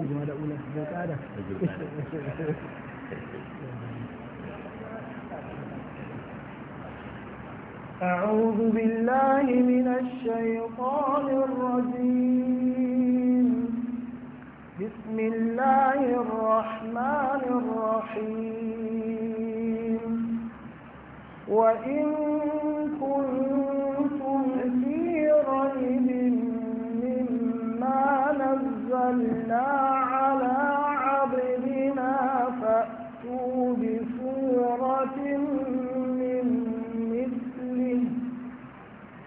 هذا أولى أعوذ بالله من الشيطان الرجيم بسم الله الرحمن الرحيم وإن كنت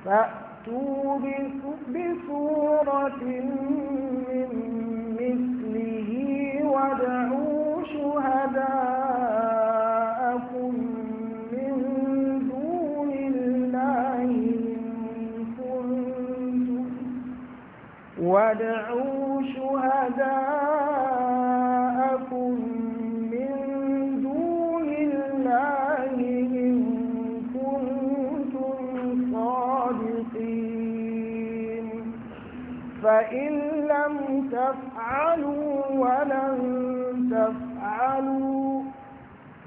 فأتوا بسورة من مثله وادعوا شهداءكم من دون الله إن كنتم وادعوا شهداءكم فإن لم تفعلوا ولن تفعلوا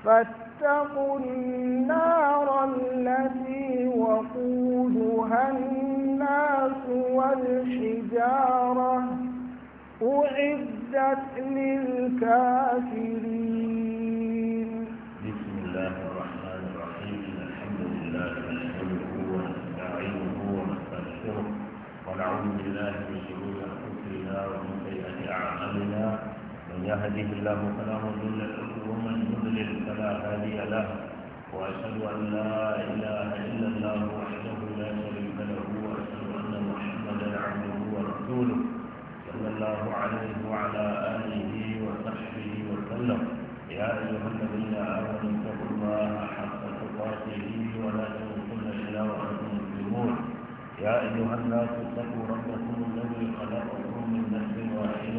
فاتقوا النار التي وقودها الناس والحجارة أعدت للكافرين بسم الله هدي الله فلا مضل له ومن يضلل فلا هادي له واشهد ان لا اله الا الله وحده لا شريك له واشهد ان محمدا عبده ورسوله صلى الله عليه وعلى اله وصحبه وسلم يا ايها الذين امنوا اتقوا الله حق تقاته ولا تموتن الا وانتم مسلمون يا ايها الناس اتقوا ربكم الذي خلقكم من نفس واحده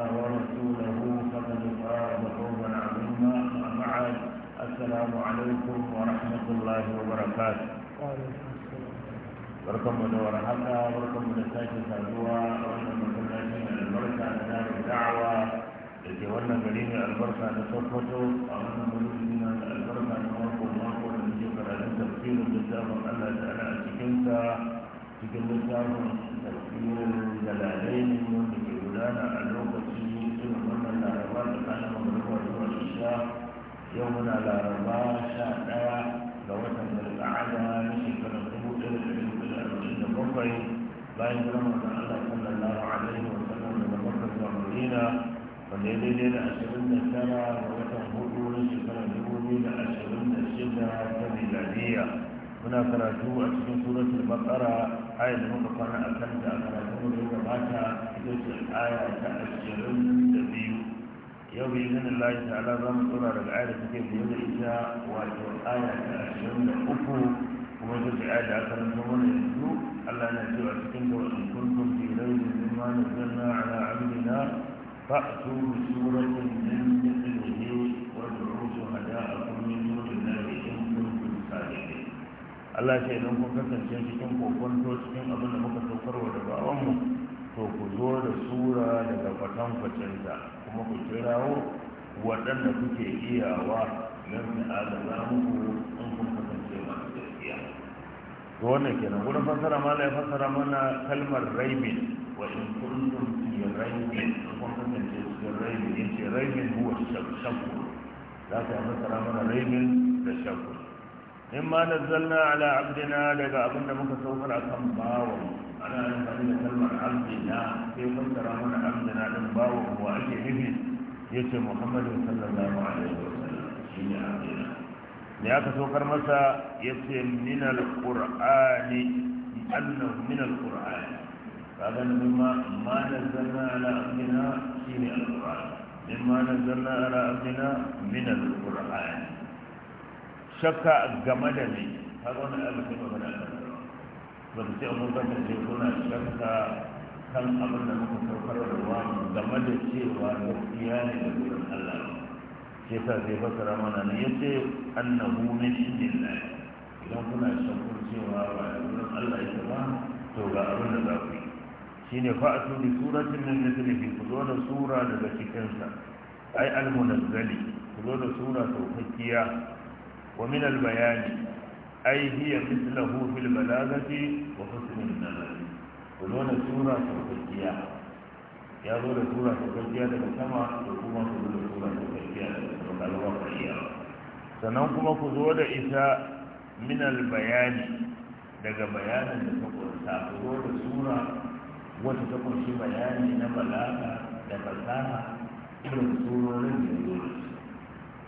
السلام عليكم ورحمة الله وبركاته da warhaka barkan da sake saduwa a wannan masallaci albarka na darin da'awa da ke wannan gari albarka na sokoto a wannan mulki na albarka na mako mako da muke karatun tafsirin cikin littafin tafsirin ne wanda gudana a lokaci wannan laraba tsakanin yau muna laraba sha ɗaya ga watan zulƙa'ada na shekarar dubu ɗaya da ɗari hudu da arba'in da bakwai bayan jiran wannan allah sallallahu alaihi wa sallam daga makka zuwa madina wanda ya daidai da ashirin da tara ga watan hudu na shekarar dubu biyu da ashirin da shida ta miladiya muna karatu a cikin suratul baqara ayat da muka fara a kanta a karatun da ya gabata ita ce aya ta ashirin da biyu yau bi izin Allah ta'ala za mu tsora daga ayar da take biye da ita wato aya ta ashirin da uku kuma ita ce aya da aka rantsa mana yanzu Allah na ce a cikin da wasu kuntum fi raibin mimma nazzalna ala abdina fa'tu bi suratin min mithlihi wa ad'u shuhada'akum min dunillahi in kuntum sadiqin Allah ce idan kun kasance cikin kokonto cikin abin da muka saukarwa da bawanmu to ku zo da sura daga kwatankwacinta kuma ku kirawo waɗanda kuke iyawa don da adana muku in kun kasance masu gaskiya to wannan kenan gurin fassara mala ya fassara mana kalmar raibin wa in kuntum fi raibin in kun kasance cikin raimin, yace raibin huwa shakku za ka fassara mana raimin da shakku ma na zanna ala abdina daga abin da muka saukar a kan bawo ana amfani da kalmar abdina sai mun tara mana abdina din bawo wa ake nufi yace muhammadin sallallahu alaihi wasallam shi ne abdina ne aka saukar masa ya yace min alqur'ani annahu min alqur'ani kaga mimma ma na zanna ala abdina shi ne ma na zanna ala abdina min alqur'ani shakka game da ne har wani alaƙa magana a ba ta ce abin da ke suna shakka kan abin da muka saukar da wani game da cewa gaskiya ne da wurin Allah ke sa sai fasara mana ne na annahu min indillah idan kuna shakkun cewa ba da wurin Allah ya ba to ga abin da za ku yi Shi ne fa shine fa'atu nan suratin min mithlihi ku zo da sura daga cikinsa ai al-munazzali ku zo da sura saukakkiya wa min al-bayani ai hiya mithluhu fil balagati wa husn an-nazar kulona sura tawfiya ya zo da sura tawfiya daga sama da kuma ku zo da sura tawfiya daga al-waqiya sannan kuma ku zo da ita min al-bayani daga bayanin da ta ku zo da sura wata ta kunshi bayani na balaga da fasaha irin surorin da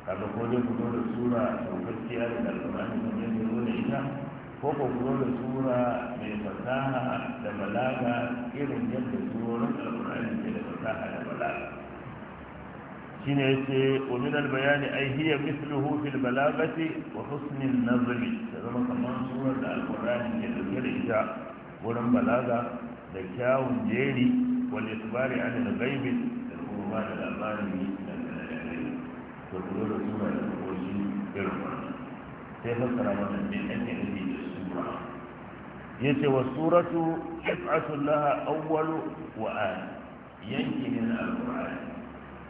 kaga ko dai ku zo da sura saukakkiya da alƙur'ani kan yadda zo da ita ko ku zo da sura mai fasaha da balaga irin yadda surorin alƙur'ani ke da fasaha da balaga shine yace wa min al bayani ay hiya mithluhu fil balagati wa husn al nazm zama kaman surar da alqur'ani ke dauke da ita wurin balaga da kyawun jeri wal isbari an al ghaibi da kuma ba da labarin to kuma da suna da kokoshi irin wannan sai fassara mana me ake nufi da sura Ya ce wa suratu qit'atu laha awwalu wa akhir yanki ne na alqur'ani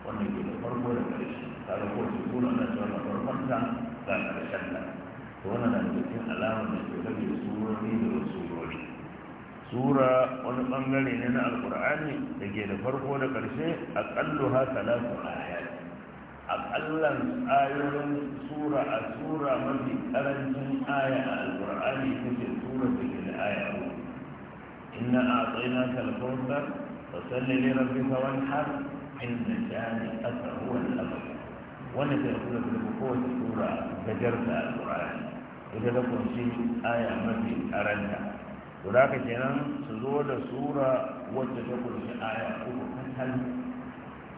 wannan ke da farko da ƙarshe Ta da su sura na cewa na farkon ta ga ƙarshen ta to wannan na cikin alamar da ke rage surori da surori sura wani bangare ne na alqur'ani da ke da farko da ƙarshe aqallu ha salatu ayat akallan ayoyin sura a sura mafi ƙarancin aya a alkur'ani kuke sura da ke da aya inna a tsayina kalkautar wa salli ne rabbi kawan har inda shani aka ruwan Wani wanda ke sura da kowace sura gajar da alkur'ani ita da kunshi aya mafi ƙaranta. to da kenan su zo da sura wacce ta kunshi aya uku kan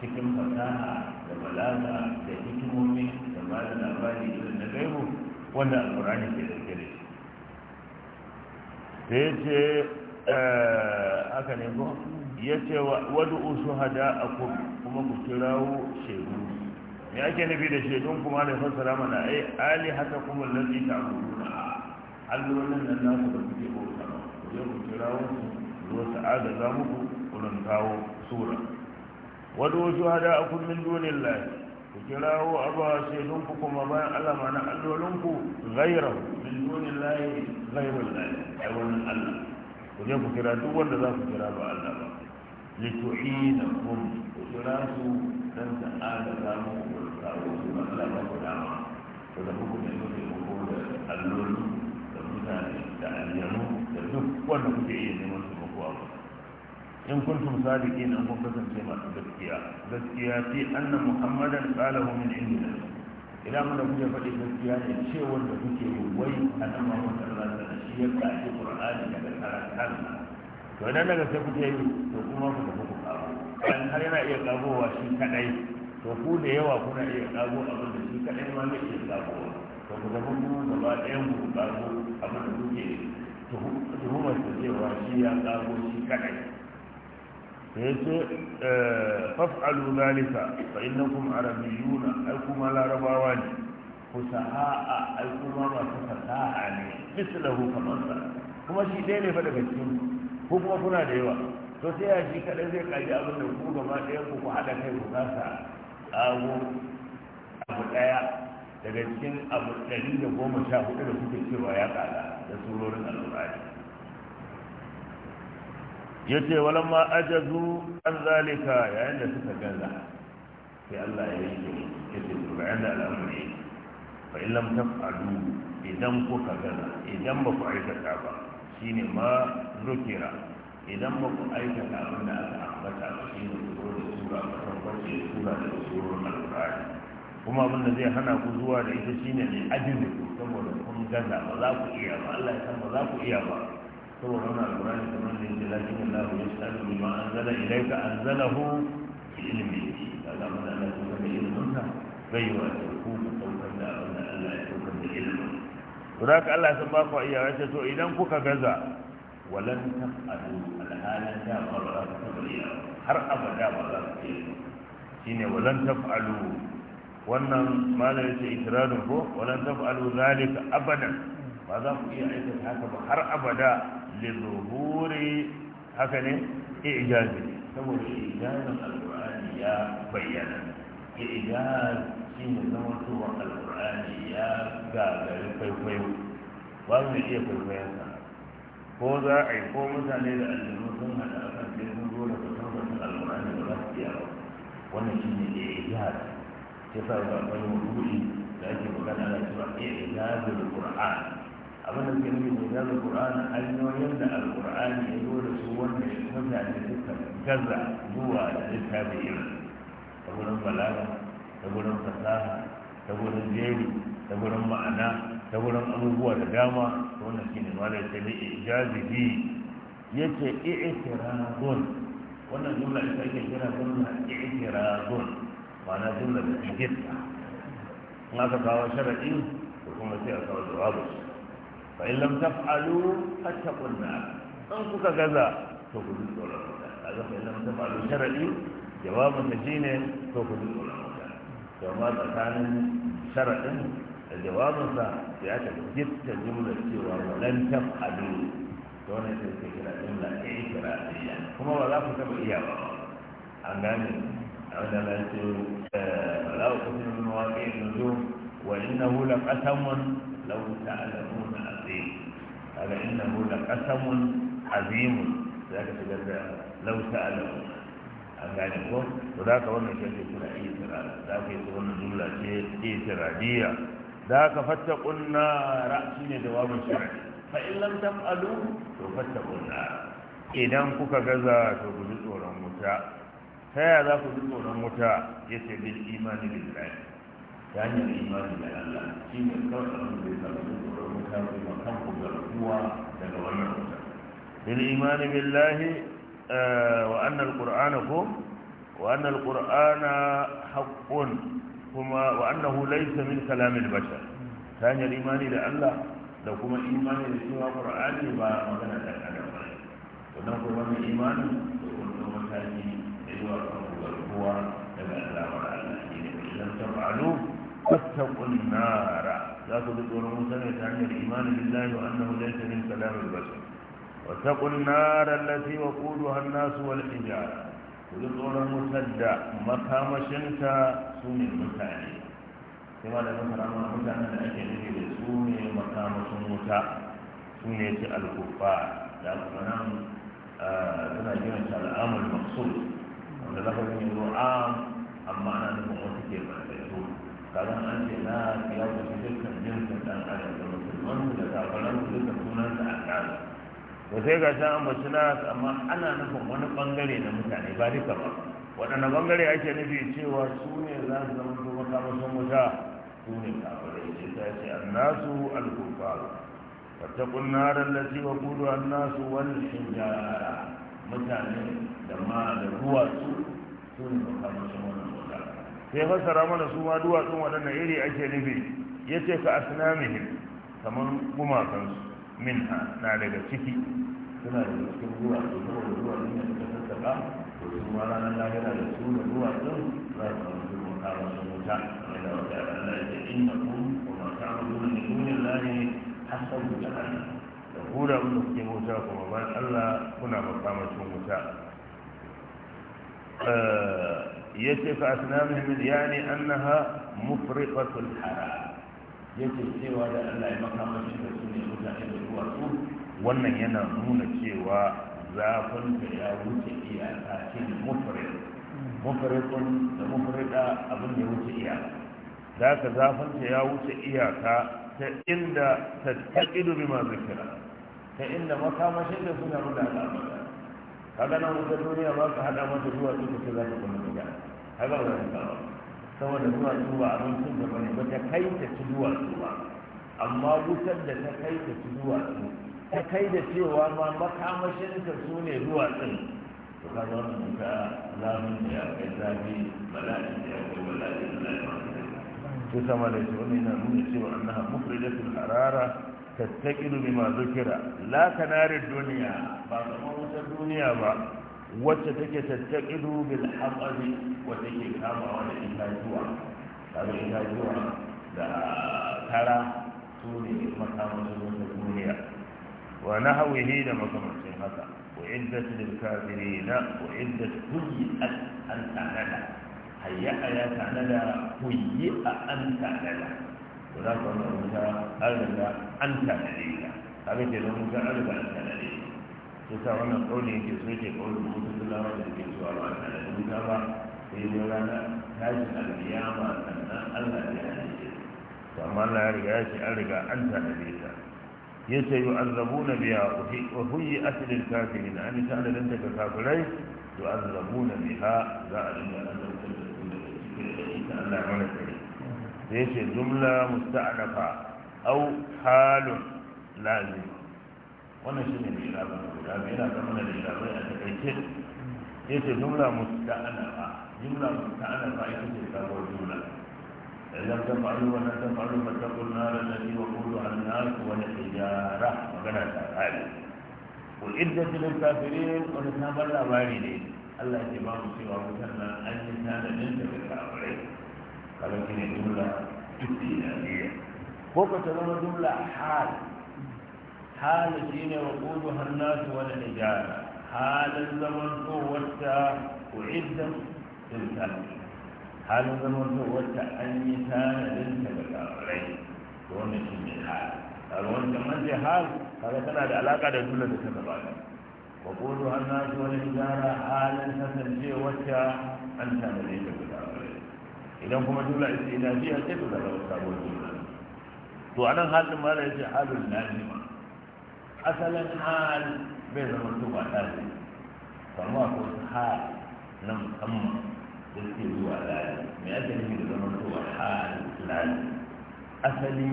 cikin fasaha da balaga da hikimomi da ba da labari irin na gaibu wanda alkurani ke dauke da shi sai ya ce eh, haka ne ko ya ce wadu usu hada a kuma ku kirawo shaidu me ake nufi da shaidun kuma da fassara mana ai eh, ali haka kuma lalli ta gudu allolin nan su da kuke bauta ku je ku kirawo su Sa'a da za muku kurin kawo sura a shuhada'akum min dunillahi ku kirawo aba sai ku kuma bayan Allah mana allolinku ghayrahu min dunillahi ghayrul lahi a wannan Allah ku je ku kira duk wanda za ku kira ba Allah ba litu'inakum ku kira su don ta adala muku ku kawo su Allah ba ku dama ku da ku ne ku da allolinku da mutane da aljanu da duk wanda kuke iya neman su in kuntum sadiqin an kun kasance masu gaskiya gaskiya fi anna muhammadan qalahu min indina idan mun da kuke faɗi gaskiya ne cewar wanda kuke yi wai annabi Muhammad sallallahu alaihi wasallam shi ya kaji qur'ani daga karantar to idan daga sai kuke yi to kuma ku tafi ku kawo dan har yana iya kagowa shi kadai to ku da yawa kuna iya kago abin da shi kadai ma zai iya kagowa to ku zama kuma gaba ɗayan ku kago abin da kuke yi? tuhumar da cewa shi ya kago shi kadai yace faf'alu zalika fa innakum arabiyuna ai kuma larabawa ne fusaha ai kuma masu fasaha ne mislahu kamar sa kuma shi dai ne fa daga cikin ku kuma kuna da yawa to sai ya shi kadai zai kaji abin da ku gaba ɗaya ku ku haɗa kai ku kasa ƙago abu ɗaya daga cikin abu ɗari da goma sha hudu da kuke cewa ya ƙada da surorin al'urari ya ce walamma ajazu an zalika yayin da suka gaza sai Allah ya yi ya ce su bayan da al'amari fa in lam taf'alu idan kuka gaza idan ba ku aikata ba shine ma zukira idan ba ku aikata abin da aka ambata ba shine zuwa da sura ba kan da sura da surun alqur'ani kuma abin da zai hana ku zuwa da ita shine ne ajin saboda kun gaza ba za ku iya ba Allah ya san ba za ku iya ba saboda wannan alƙur'ani kamar da yake lakin Allah ya sanu bima anzala ilayka anzalahu bi ilmi kaga mun Allah ya sanu ilmin sa bai wa ku ku saukar da abin Allah ya saukar da ilmin to haka Allah ya san ba ku iyawa ce to idan kuka gaza walan taf'alu alhalan da ba za ku taɓa iyawa har abada ba za ku iya shine walan taf'alu wannan malar ce ikirarin ko walan taf'alu zalika abadan ba za ku iya aikata haka ba har abada lizuhuri haka ne ijazi saboda ijazin alkur'ani ya bayyana ijaz shi ne zama tuwon alkur'ani ya gagari kwaikwayo ba mu iya kwaikwayonsa ko za a yi ko mutane da aljanu sun hada a kan sai sun zo da kusan alkur'ani da za su iya ba wannan shi ne ijaz ya sa ba kwaikwayonsa da ake magana da cewa ijazin alkur'ani abin da suke nufi ne zan alƙur'ani hanyoyin da alƙur'ani ya zo da su wanda mutane suka gaza zuwa da littafi irin ta gurin balaga ta gurin fasaha ta gurin jeri ta gurin ma'ana ta gurin abubuwa da dama wannan shine malai sai ne ijazibi yace i'tirazun wannan jumla ita ake kira jumla i'tirazun ma'ana jumla da ta in aka kawo sharadi ko kuma sai a kawo jawabu fa in lam taf'alu fattaqun kuka gaza to ku ji tsoron wuta kaga fa in lam taf'alu sharadi jawabin da shine to ku ji tsoron wuta to amma tsakanin sharadin da jawabinsa sai aka gitta jumlar cewa walan taf'alu to wannan sai ke kira jumla ikirariya kuma ba za ku taba iya ba an gane a wanda na ce ala'u kusurin mawaƙi nujum wa innahu laqasamun law ta'lamuna azim kaga hu la qasamun azim ka shigar da law ta'ala an gane ko to za ka wannan shi kuna iya tsira za ka yi wannan dula ce itiradiya da ka fatta kunna shi ne jawabin shi fa in lam taf'alu to fatta kunna idan kuka gaza to ku ji tsoron wuta ta yaya za ku ji tsoron wuta yace bil imani billahi ta hanyar imani da Allah shi ne kawai abin da ya samu tsoron wuta ne wa kanku garkuwa daga wannan wuta bil imani billahi eh, wa anna alqur'ana ko wa anna alqur'ana haqqun kuma wa annahu laysa min kalam albashar ta hanyar imani da Allah da kuma imani da cewa qur'ani ba magana da adam ba wannan kuma wannan imani da wannan mataki da zuwa kan garkuwa daga azabar Allah ne idan ta fa'alu فاتقوا النار لا تذكر موسى عن الإيمان بالله وأنه ليس من كلام البشر واتقوا النار التي وقودها الناس والحجارة وذكر مسدى مقام شنتا سوم المتاني كما لا مثلا ما متانا لأكي نجد سن مقام شنتا سوم الكفار لا تفنان تنا جنة العام المقصود wanda lafazin yanzu am amma ana nufin wasu ke mai karan an ce na ya wuce dukkan jinsin dan adam da musulman da kafaran duka sunan da al'adu da sai ga shan ambaci na amma ana nufin wani bangare na mutane ba duka ba waɗanne bangare ake nufi cewa su ne za su zama su makamashin wuta su ne kafarai sai ta ce annasu alkufaru fattakun da lati wa kudu annasu wani shijara mutane da ma da ruwa su ne makamashin wani sai fassara mana su ma duwatsun waɗannan iri ake nufi ya ce ka asnamihim kamar gumakansu min ha na daga ciki suna da cikin duwatsu saboda duwatsun da suka sassaka to su ma ranar lahira da su da duwatsun za su samu su mutu a su wuta mai da wata Allah ya ce inna kun kuma ta mutu da duniyar lani hasan da hannu da hura wanda kuke wuta kuma bayan Allah kuna makamacin wuta eh, yace fa asnamihim yani annaha mufriqatul haram yake cewa da Allah ya makamashi da su ne mutane da duwatsu wannan yana nuna cewa zafin da ya wuce iyaka shi ne mufrid mufridun da mufrida ya wuce iyaka zafin ya wuce iyaka ta ta inda kaga nan wata duniya ba ka hada mata zuwa su ka ce za ka kuma gida kaga ba ka saboda zuwa su ba abincin da bane ba ta kai ta ci zuwa su ba amma wutar da ta kai ta ci zuwa su ta kai da cewa ma makamashinta su ne zuwa sun to kaga wannan wuta lamun da ya kai zafi bala'in da ya kai bala'in da ya kai to sama da shi wani na nuna cewa annaha mufridatul harara tattaƙinu masu kira la kanarin duniya ba kamar wata duniya ba wacce take tattaƙinu bil haƙari wacce ke kama wani itatuwa kaga itatuwa da tara su ne makamashin wata duniya wa na hawihi da makamancin haka wa iddat lil kafirina wa su kuyi'at an tanada hayya ya tanada a an tanada to za ka wannan wuta an riga an tanade ka kaga ke nan wuta an riga an tanade to sa wannan kauli yake so yake kauli da mutum da ke zuwa ba an tanade wuta ba sai yi rana tashin alkiyama sannan allah ya tanade to amma allah ya riga ya ce an riga an ta wa an ka kafirai yu'azzabuna biha za a dinga azabtar da su da cikin da ita da yake jumla musta'anafa au halun lazim wannan shi ne lishafin guda mai yana zama da lishafin a takaice ya ce jumla musta'anafa jumla musta'anafa ita ce sabuwar jumla idan ta faru wa ta faru ba ta kunna da nabi wa kudu an su wani tijara magana ta hali ko idda tilin kafirin wani sabon labari ne Allah ya ba mu cewa mutan nan an yi tanadin da kafirai kamar shi ne jumla tukki na biya ko ka ta zama jumla hal hal shi ne wa kudu hannasu wani hijara halin zaman wata u'iddan din talbi halin zaman wata an yi tanadin ta da kafirai wannan shi ne hal a wanda man zai hal kaga tana da alaka da jumla da ta gabata wa kudu hannasu wani hijara halin kasancewa wata an tanadin ta da kafirai idan kuma jumla ita ina istinafiya ce to daga sabuwar jumla to anan halin mala yace halul lazima asalan hal bai zama to ba tare amma ko hal na musamman da ke zuwa lazima me ake nufi da zama to ba hal lazima asali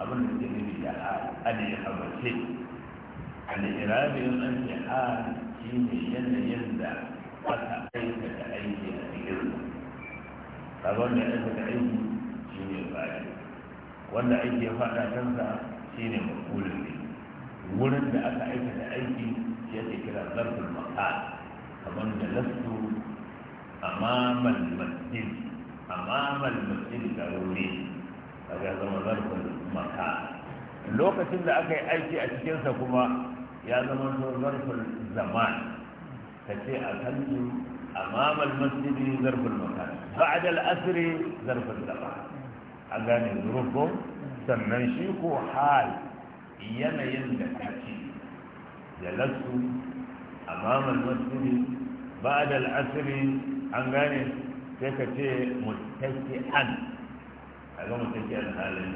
abin da ke nufi da hal ali habace al-irabi an ce shi ne yanayin da aka aikata aiki kaga wanda ya aikata aiki shi ne fa'il wanda aiki ya faɗa kansa shi ne makulun ne wurin da aka aikata aiki shi ake kira zarfin makal kamar da lastu amamal masjid amamal masjid da wuri kaga zama zarfin makal lokacin da aka yi aiki a cikinsa kuma ya zama zarfin zaman ka ce a kanzu أمام المسجد ظرف المكان بعد الأسر ظرف الزمان أغاني ظروفهم سننشيك حال ينا يندكتي جلست أمام المسجد بعد الأسر أغاني تكتي متكئا هذا متكئا حالا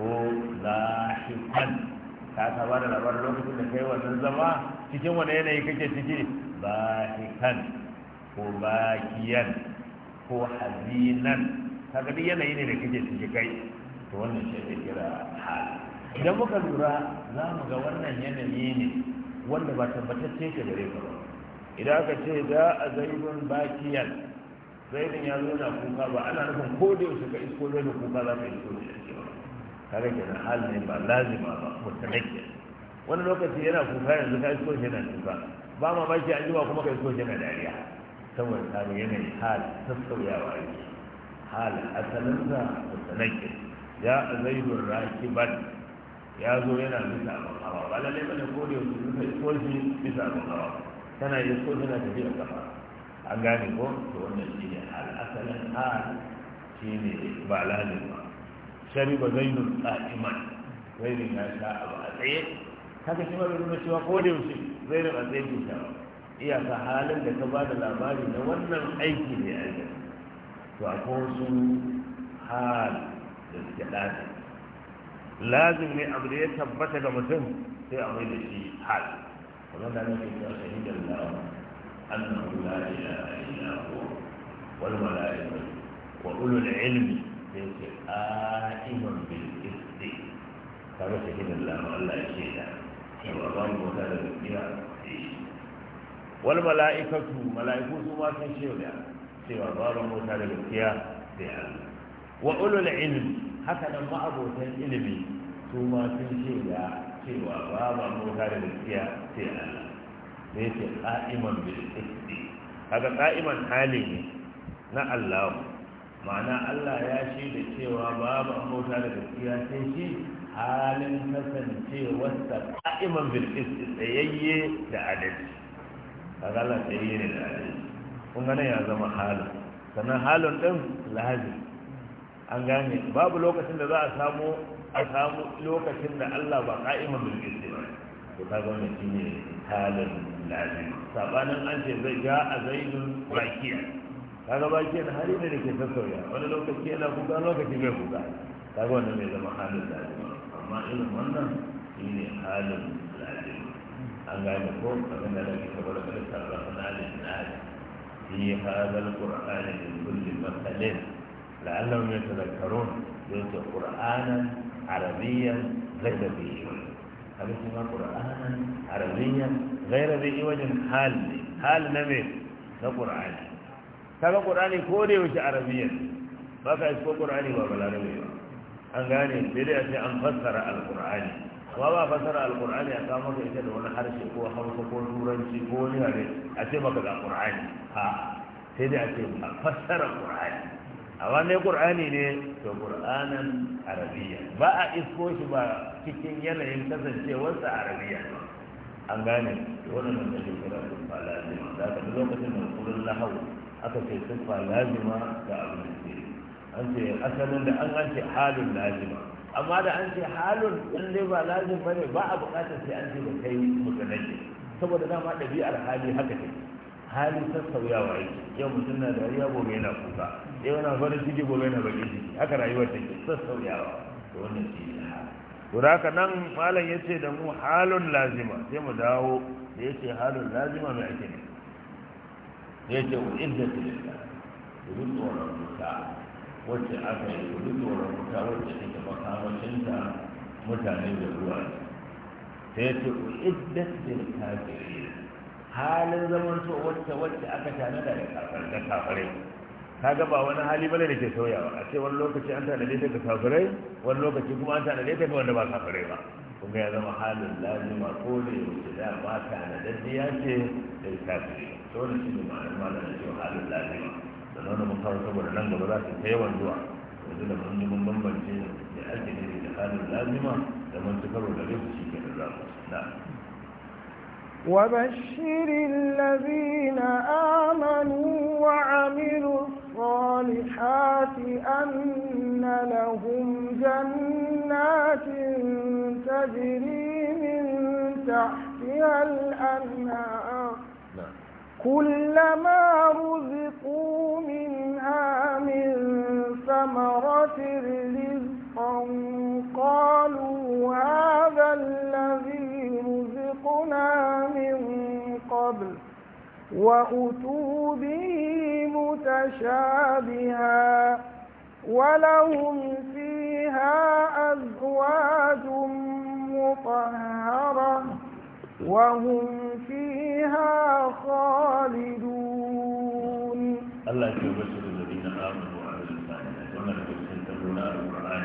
هو لاحقا ta ta ba da labarin lokacin da kai wannan zama cikin ko bakiyan ko hazinan kaga duk yanayi ne da kake ciki kai to wannan shi ake kira hali idan muka lura za mu ga wannan yanayi ne wanda ba tabbatacce ka gare ka ba idan aka ce za a zaidun bakiyan zaidun ya zo na kuka ba ana nufin ko da yau suka isko da kuka za ka isko da shi kaga kenan hal ne ba lazima ba mutanake wani lokaci yana kuka yanzu ka isko shi na kuka ba mamaki an ji ba kuma ka isko shi na dariya saboda ta ga yanayi hal sassauyawa yi hal asalinsa da sanake ya a zaidun rakiban ya zo yana bisa abin hawa ba da laifin ko da yau suka yi shi bisa abin hawa tana yi so tana tafiya kafa an gane ko to wannan shi ne hal asalin hal shi ne ba lalin ba shari ba zainun tsa'iman zainun ya sha abu a tsaye haka shi ma bai nuna cewa ko da yaushe zainun a tsaye ke sha iyaka halin da ka ba da labari na wannan aiki ne a yi to a su hal da suke lazim lazim ne abu da ya tabbata ga mutum sai a mai da shi hal kuma da nake ta shahidar lawa annahu la ilaha illa hu wal malaikatu wa ulul ilmi sai ce qa'iman bil qisti kaga shahidar lawa Allah ya shaida cewa babu wata da gaskiya wal mala'ikatu mala'iku su ma sun ce da cewa babu mota da gaskiya sai Allah wa ulul ilm haka nan ma abotan ilimi su ma sun ce da cewa babu mota da gaskiya sai Allah sai ce qa'iman bil qisti haka qa'iman hali ne na Allah ma'ana Allah ya shi da cewa babu mota da gaskiya sai shi halin kasancewarsa qa'iman bil qisti tsayayye da adalci kaga Allah sai yi ne da ajiz kun ga ya zama halin sannan halin din lazim an gane babu lokacin da za a samu a samu lokacin da Allah ba ka'iman bil qisti ba to kaga shi ne halin lazim sabanin an ce zai ja a zaidun bakiya kaga bakiya da hali ne da ke sassauya wani lokaci yana kuka lokaci bai kuka kaga wannan mai zama halin lazim amma irin wannan shine halin على الكون فإن لك كبر فلسا رفنا للناس في هذا القرآن من كل مثل لعلهم يتذكرون قلت قرآنا عربيا غير ذي وجه ما قرآنا عربيا غير ذي وجه حال حال نبي ذا القرآن كما قرآن كوري وش عربيا ما فعش قرآن وابل عربيا أنغاني بدأت أن فسر القرآن ba ba fasara alkur'ani a samu ka ita da wani harshe ko hausa ko turanci ko wani yare a ce maka ga qur'ani ha sai dai a ce a fassara qur'ani amma ne qur'ani ne to qur'anan arabiya ba a isko shi ba cikin yanayin kasancewarsa arabiya an gane wannan da ke kira siffa lazima da aka lokacin da kullun lahau aka ce sun lazima da abin da ke an ce asalin da an an ce halin lazima amma da an ce halun in dai ba lazim ba ne ba a buƙatar sai an ce ba kai mutanenke saboda dama ɗabi'ar hali haka ce hali sassauyawa yake yau mutum na dariya gobe yana kuka yau na farin ciki gobe yana baƙin ciki haka rayuwar ta ke sassauyawa to wannan shi ne hali to da haka nan malam ya ce da mu halun lazima sai mu dawo da ya ce halun lazima mai ake ne ya ce wa idda tilasta da duk tsoron mutuwa wacce aka yi wani tsoron wuta wacce ake makamacinta mutane da ruwa sai ya ce iddat bil kafirin halin zaman to wacce wacce aka tana da kafar da kafirai kaga ba wani hali bane da ke sauyawa a ce wani lokaci an tana da ka kafirai wani lokaci kuma an tana ta ka wanda ba kafirai ba kuma ya zama halin lazima ko da yaushe da ba ya ce da kafirai to wannan shi ne ma'anar malam da cewa halin lazima kamar da mun kawo saboda nan gaba za su ta yawan zuwa yanzu da mun mun bambance da ake nufi da halin lazima da mun ci karo da rufe shi ke da zamu na وبشر الذين آمنوا وعملوا الصالحات أن لهم جنات تجري من تحتها الأنهار كلما رزقوا منها من ثمرة رزقا قالوا هذا الذي رزقنا من قبل وأتوا به متشابها ولهم فيها أزواج مطهرة وهم فيها خالدون الله يبشر الذين آمنوا وعملوا الصالحات ومن يسلمون القرآن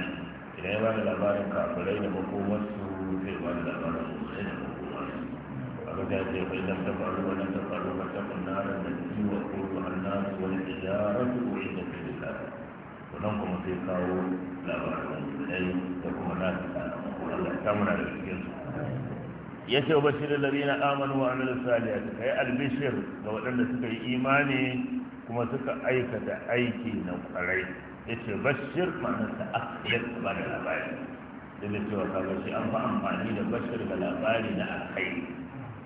إلى يوم الأبار كافرين مقومته في يوم الأبار مسلم فقد فإن لم تفعلوا ولم تفعلوا فاتقوا النار التي وقودها الناس والحجارة أعيدت للكافر وننكم في قول لا بأس بالله وكما لا تسألوا الله تمنع للكفر ya ce ba shirin lalina amanu wa amilu saliya ta kai albishir ga waɗanda suka yi imani kuma suka aikata aiki na kwarai.' ya ce bashir ma'anarsa akiyar ba da labari da da cewa ka shi an fi amfani da bashir ga labari na alkhairi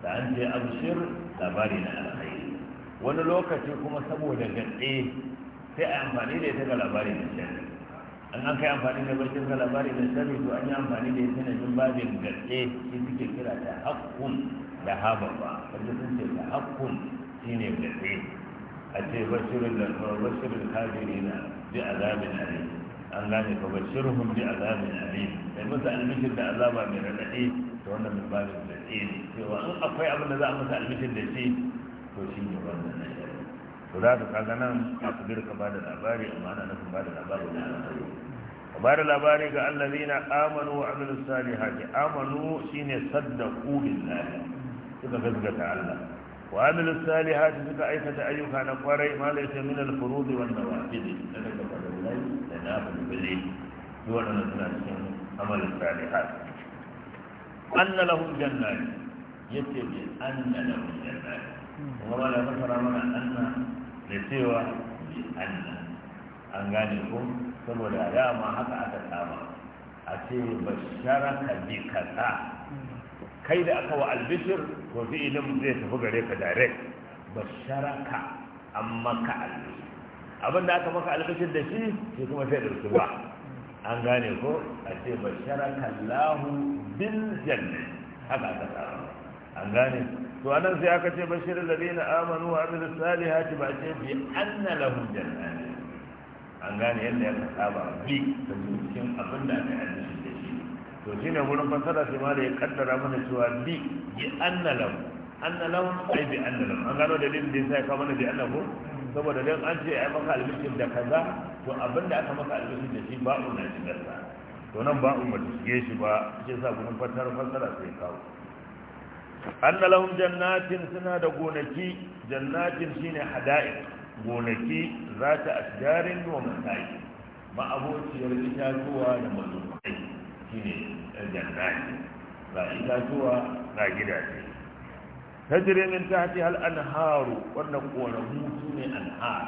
da an ce abshir labari na alkhairi wani lokaci kuma saboda gaɗe sai a amfani da ita ga labari na shari'a an an kai amfani da bakin sa labari da sharri to an yi amfani da sanadin babin gaske shi suke kira ta hakkun da hababa wanda sun ce ta hakkun shine gaske a ce bashirin da bashirin kafirina bi azabin alim an gane ka bashirhum bi azabin alim sai musu almishin da azaba mai raɗaɗi to wannan mai babin gaske ne cewa in akwai abin da za a masa almishin da shi to shi ne wannan ولكن كذا أخبر كبار الأباري أما أنا نفهم بعد الأباري كبار الأباري قال الذين آمنوا وعملوا الصالحات آمنوا شين صدقوا لله إذا فزق تعالى وعملوا الصالحات إذا أيك تأيك أنا قري ما ليس من الفروض والنوافذ لأن كبار الأباري لنا من بلي دون أن لهم جنات أن لهم جنات وما لا مثل أن da cewa bi an gane ku saboda dama haka aka saba a ce bashara ka bi kaza kai da aka wa albishir fi fi'ilin zai tafi gare ka direct bashara ka an maka albishir abin da aka maka albishir da shi sai kuma sai ɗauki ba an gane ko a ce bashara kallahu bil haka aka saba an gane to anan sai aka ce bashirin ladina amanu wa amilu salihati ba ce bi anna lahum jannati an gane yadda ya saba bi da cikin abin da aka yi shi da shi to shine gurin fasara sai ma da ya kaddara mana cewa bi bi anna lahum anna lahum ai bi anna lahum an gano dalilin da sai ka mana bi anna lahum saboda dan an ce ai maka albishin da kaza to abin da aka maka albishin da shi ba'u na shigar sa to nan ba'u ba shi ba shi yasa gurin fasara fasara sai kawo anna lahum jannatin suna da gonaki jannatin shine hada'i. gonaki za ta ashjarin wa matsayi. ma abociyar itatuwa da mazumai shine jannati ba itatuwa na gidaje tajri min tahti al-anharu wannan su sune anhar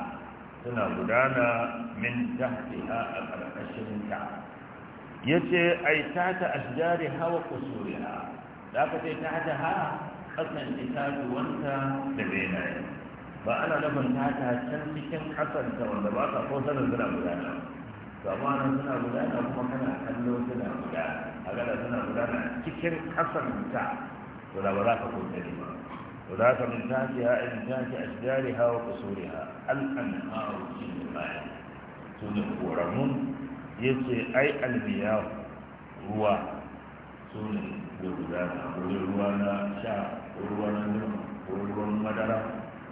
suna gudana min tahtiha a karkashin ta yace ai tata ashjari hawa kusuriya da aka ce ta hata ha ƙasan itatuwanta da benaye ba ana nufin ta hata can cikin ta wanda ba ka ko sanar suna gudana ba ma nan suna gudana kuma kana kallo suna gudana a gada suna gudana cikin ƙasanta to da ba za ka ko sani ba za ka in a وذاك من تحتها من تحت أشجارها وقصورها Su في الماء ya ce ai المياه ruwa su ne zai gudana wurin ruwa na sha ko ruwan nuna ko ruwan madara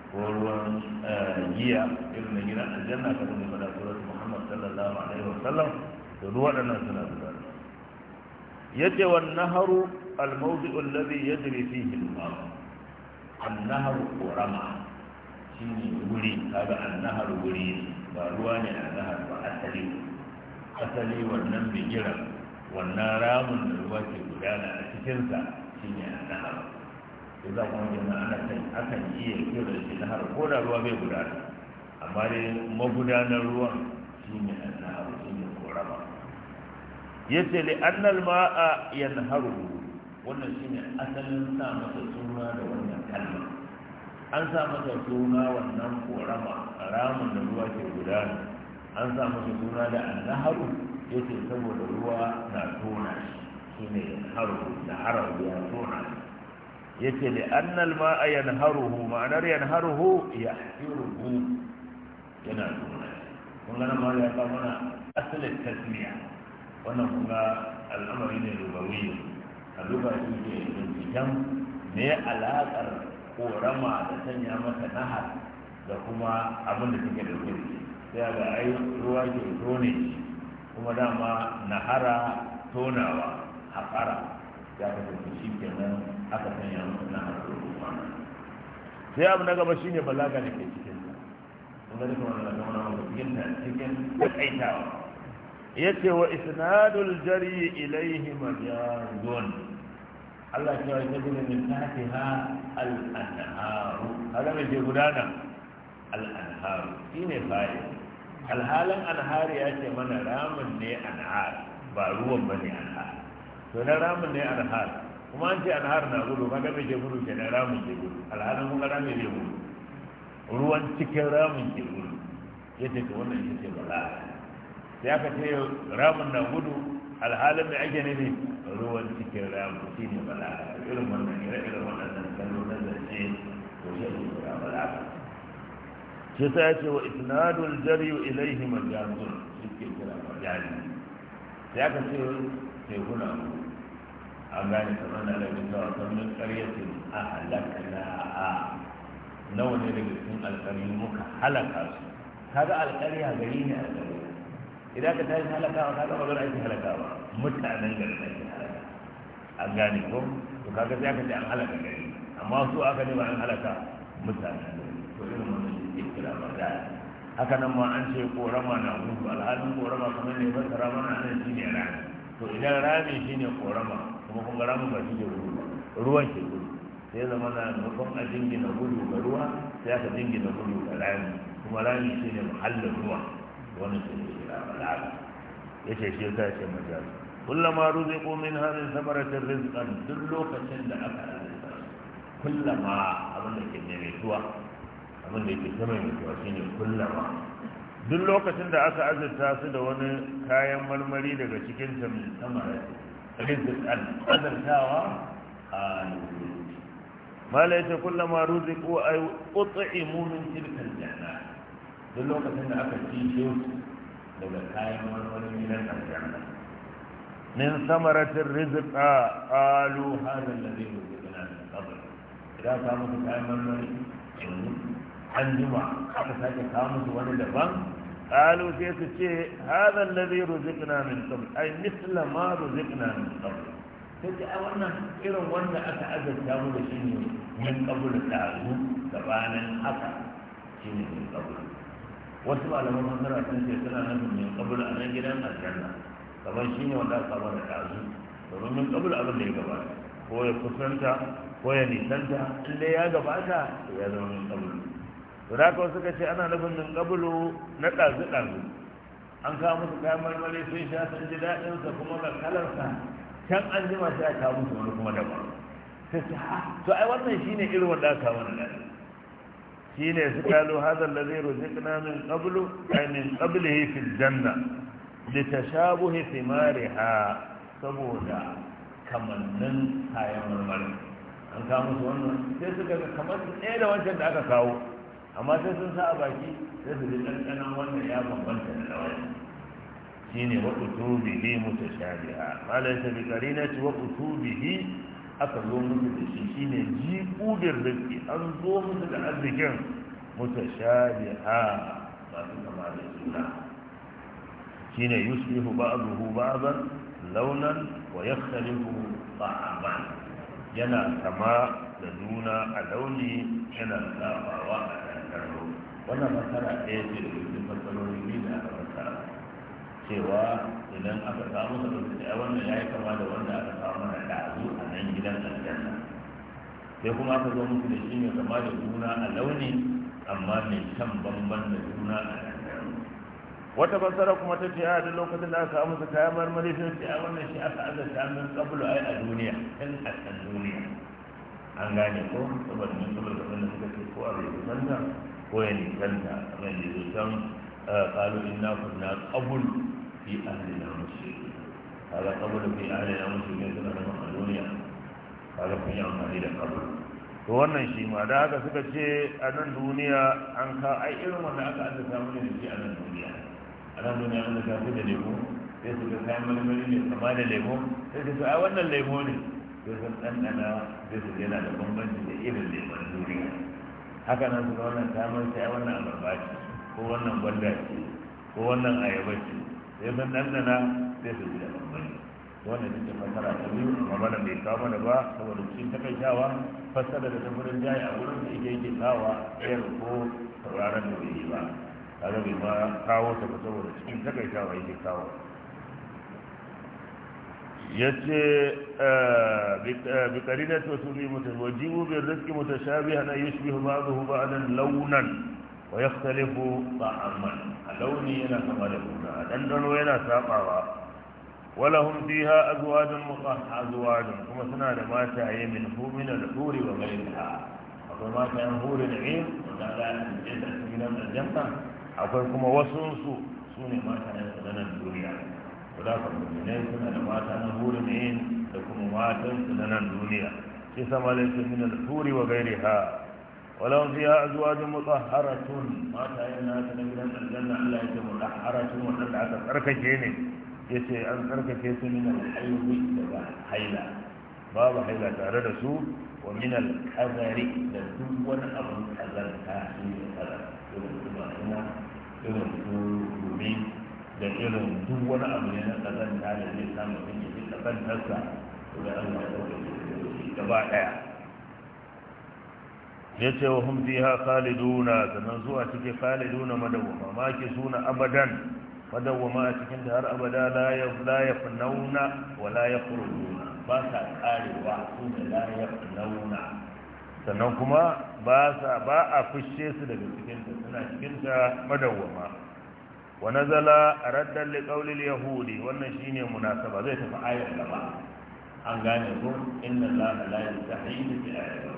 ko ruwan eh, giya irin na gina aljanna ka zama fada suratu muhammad sallallahu alaihi wa sallam da ruwa waɗannan suna gudana yace wan naharu al-mawdi'u alladhi yajri fihi al-ma' an-nahar shi ne wuri kaga an-nahar wuri ba ruwa ne an-nahar ba asali asali wannan bigiran wannan ramun da ruwa ke gudana a cikinsa shi ne a nahar ya za kuma jama ana kai akan iya kira shi nahar ko da ruwa bai gudana amma dai magudanar ruwan shi ne a nahar shi ne korama ya ce li annal ma'a haru wannan shi ne asalin sa masa suna da wannan kalma an sa masa suna wannan korama ramun da ruwa ke gudana an sa masa suna da annaharu yake saboda ruwa na tona shi ne haru da harahu ya tona yake da annal ma'a yanharuhu ma'anar yanharuhu ya hiruhu yana tona kun gana ma ya ta mana asalin tasmiya wannan ga al'amari ne rubawi a duba shi ke binciken me alaƙar korama da sanya mata nahar da kuma abin da take da sai ga ai ruwa ke tona shi kuma dama nahara tonawa haƙara ya kasance shi kenan aka sanya musu na harkar rumana sai abu na gaba shine balaga ne ke cikin sa kun ga duka wannan gaba na wanda cikin ta cikin takaitawa yace wa isnadul jari ilayhi majazun Allah ya yi gudun min fatiha al-anharu hada mai gudana al-anharu shine fa'ida alhalan anhar ya ce mana ramin ne anhar ba ruwan bane anhar to na ramin ne anhar kuma an ce anhar na gudu kaga me ke gudu ke na ramin ke gudu alhalan kuma ramin ne gudu ruwan cikin ramin ke gudu ya ce ka wannan shi ce bala sai aka ce ramin na gudu alhalin mai ake ne ne ruwan cikin ramin shi ne bala irin wannan ire-iren waɗannan kalmomin da ce to shi ne bala كتاتي وإثناد الجري إليه مجاز شك الكلام مجاز سياك سيهن سيهن أمان سمعنا لك سوى من القرية أهلكنا نوني لك سن القرية مك هذا القرية غيين أهلك إذا كتاتي حلقا وكذا وقال عيسي حلقا متعنا لك أجانكم وكذا سياك سيهن حلقا أما سوى أكاد يبعن حلقا متعنا لك ila haka nan ma an ce korama na gudu alhalin korama kamar ne fassara mana nan ne rami to idan rami shine korama kuma kun ga rami ba shi ke gudu ba ruwan ke gudu sai zama na nufin a jingina gudu ga ruwa sai aka jingina gudu ga rami kuma rami shine muhallin ruwa wani shine ila bagdad ya ce shi ta ce majalu kullama ruzi ko min samaratin rizqan duk lokacin da aka rizqa kullama abinda ke nemetuwa Wanda da yake ta mai shi ne kullama duk lokacin da aka azurta su da wani kayan marmari daga cikin tamin samara rizq azurtawa a mala yace kullama ruziqu ay ut'imu min tilka aljanna duk lokacin da aka ci shi daga kayan marmari gidan aljanna min samaratin rizqa qalu zai alladhi ruziqna da tsabar. idan ka mutu kayan marmari an juma aka sake kawo musu wani daban qalu sai su ce hadha alladhi ruziqna min qabl ay mithla ma ruziqna min qabl sai ce a wannan irin wanda aka azabta mu da shi ne min qabl ta'u gabanin haka shine ne min qabl wasu malaman masara sun ce suna nufin min qabl a nan gidan aljanna kamar shine wanda aka da ta'u domin min qabl abin da ya gabata ko ya kusanta ko ya nisanta in dai ya gabata ya zama min qabl to da suka ce ana nufin min gabulu na ɗazu ɗazu an kawo musu kayan marmari sun sha sun ji daɗinsa kuma ga kalarsa can an jima sai a kawo musu wani kuma daban ce ha to ai wannan shine irin wanda aka kawo na shi ne su kalu zai allazi ruziqna min qablu Ai min qablihi fi janna litashabuhi ha saboda kamannin kayan marmari an kawo musu wannan sai suka ga kamar ɗaya da wancan da aka kawo amma sai sun sa a baki sai su ji ɗanɗanon wannan ya bambanta da lawan shi ne wa utubihi mutashabiha malai ta bi na ci wa bihi, aka zo musu da shi shi ne jiƙudin rizki an zo musu da arzikin mutashabiha masu kama da suna shi ne ba, ba'dahu ba'dan launan wa a ban. yana kama da juna a launi yana sabawa a wannan matsala ɗaya ce da cikin matsalolin biyu da aka fassara cewa idan aka samu da ɗauki da wannan ya yi kama da wanda aka samu mana ɗazu a nan gidan aljanna sai kuma aka zo musu da shi mai kama da juna a launi amma mai shan bamban da juna a wata fassara kuma ta ce a duk lokacin da aka samu su kayan marmari sai ce a wannan shi aka aza min kabulu ai a duniya tun a duniya an gane ko saboda mun saboda abin da suka ce ko a rubutanta ko ya nisanta mai rubutan kalu inna kunna qabul fi ahli al-mushrik kaga qabul fi ahli al-mushrik ne suna da duniya. kaga kun yi amfani da qabul to wannan shi ma da haka suka ce a nan duniya an ka ai irin wanda aka an samu ne shi a nan duniya a nan duniya an ka fi da lemo sai su ga kayan marmari ne kama da lemo sai su ai wannan lemo ne sai ɗanɗana sai su yana da bambanci da irin lemon duniya haka nan su wannan samun sai wannan albarbaci ko wannan gwandaci ko wannan ayabaci Sai sai sun ɗanɗana sai su ji da bambanci wannan ita ce fasara ta biyu amma mana bai kawo mana ba saboda cikin takaitawa fasara da ta wurin a wurin da yake yake kawa ko sauraron da bai yi ba kaga bai ma kawo ta saboda cikin takaitawa yake kawo yace bi qarina to suri mutawajibu bi rizqi mutashabihan ay yushbihu ba'dahu ba'dan launan wa yakhtalifu ta'aman launi yana kama da juna dandano yana sabawa ولهم فيها أزواج مطهرة أزواج كما سنة ما تعي من من الحور وغيرها وما كان حور العين وقال جزء من الجنة أقول كما وصنسوا سوني ما كان من الدنيا ba za ka mutane suna da mata na hurin yin da kuma matan su na nan duniya shi sama da yake nuna da wa gairi ha walau zai ya zuwa da mutaharatun mata yin nata na gidan aljanna allah ya ce mutaharatun wadanda aka tsarkake ne ya ce an tsarkake su nuna da haihu daga haila babu haila tare da su wa min al da duk wani abu kazarta shi ne kazarta irin da irin duk wani abu ne na kazanta da zai samu sun yi fi kazantarsa to da an ya ɗauka gaba ɗaya ya ce wa hum fiha khaliduna sannan zuwa cikin khaliduna madawwama ma ke suna abadan madawwama a cikin har abada la ya la ya funauna wa la ya furuna ba sa karewa su ne la ya funauna sannan kuma ba sa ba a fushe su daga cikin ta suna cikin ta madawwama wa nazala raddan li qawli yahudi wannan shine munasaba zai tafi ayar gaba an gane ko inna allaha la yastahi bi ayati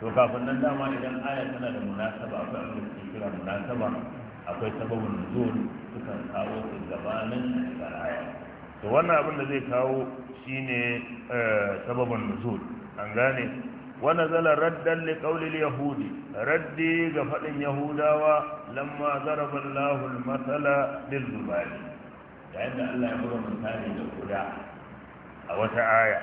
to kafin nan dama idan ayar tana da munasaba ko an yi kira munasaba akwai sababin nuzul sukan kawo su gabanin da aya to wannan abin da zai kawo shine eh, sababin nuzul an gane ونزل ردا لقول اليهود ردي غفل يهودا لما ضرب الله المثل للذباب عند الله يقول من ثاني للخداع أو تعايا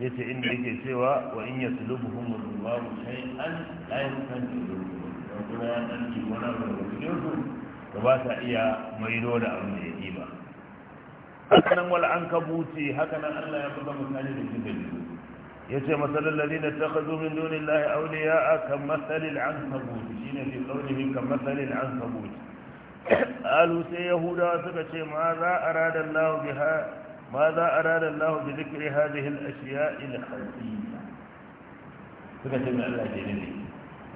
يتي إن بك سوى وإن يسلبهم الله شيئا لا يستنجدون وقل يا أنجي ولا من وباتا إيا ميلون أو يجيبا hakanan wal an kabuti hakanan Allah ya buga misali da jibin يتي مثل الذين اتخذوا من دون الله أولياء كمثل العنكبوت جينا في قوله كمثل العنكبوت قالوا سيهودا سكتي ماذا أراد الله بها ماذا أراد الله بذكر هذه الأشياء الخلفية سكتي من الله جنبي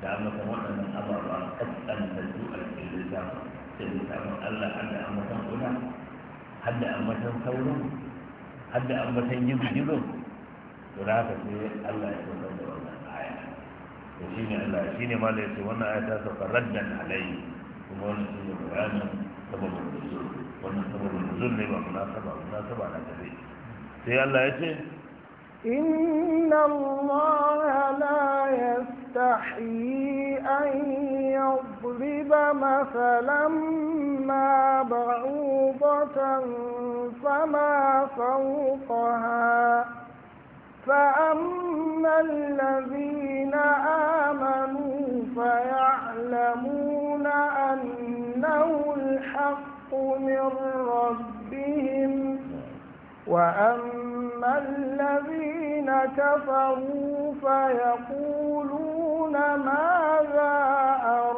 دعم سمعنا من أبا الله أسأل نسوء الإلزام سيدي سمع الله حد أمتن قلع حد أمتن قولا حد أمتن يبجلون ودعاك في الله يكون ربنا معايا وشيني الله شيني ما لي سوانا آيات أسوك ردا علي ثم أنا سيني بيانا سبب النزول وانا سبب النزول لما مناسبة مناسبة على تبيه سي الله يتي إن الله لا يستحيي أن يضرب مثلا ما بعوضة فما فوقها فأما الذين آمنوا فيعلمون أنه الحق من ربهم وأما الذين كفروا فيقولون ماذا أرى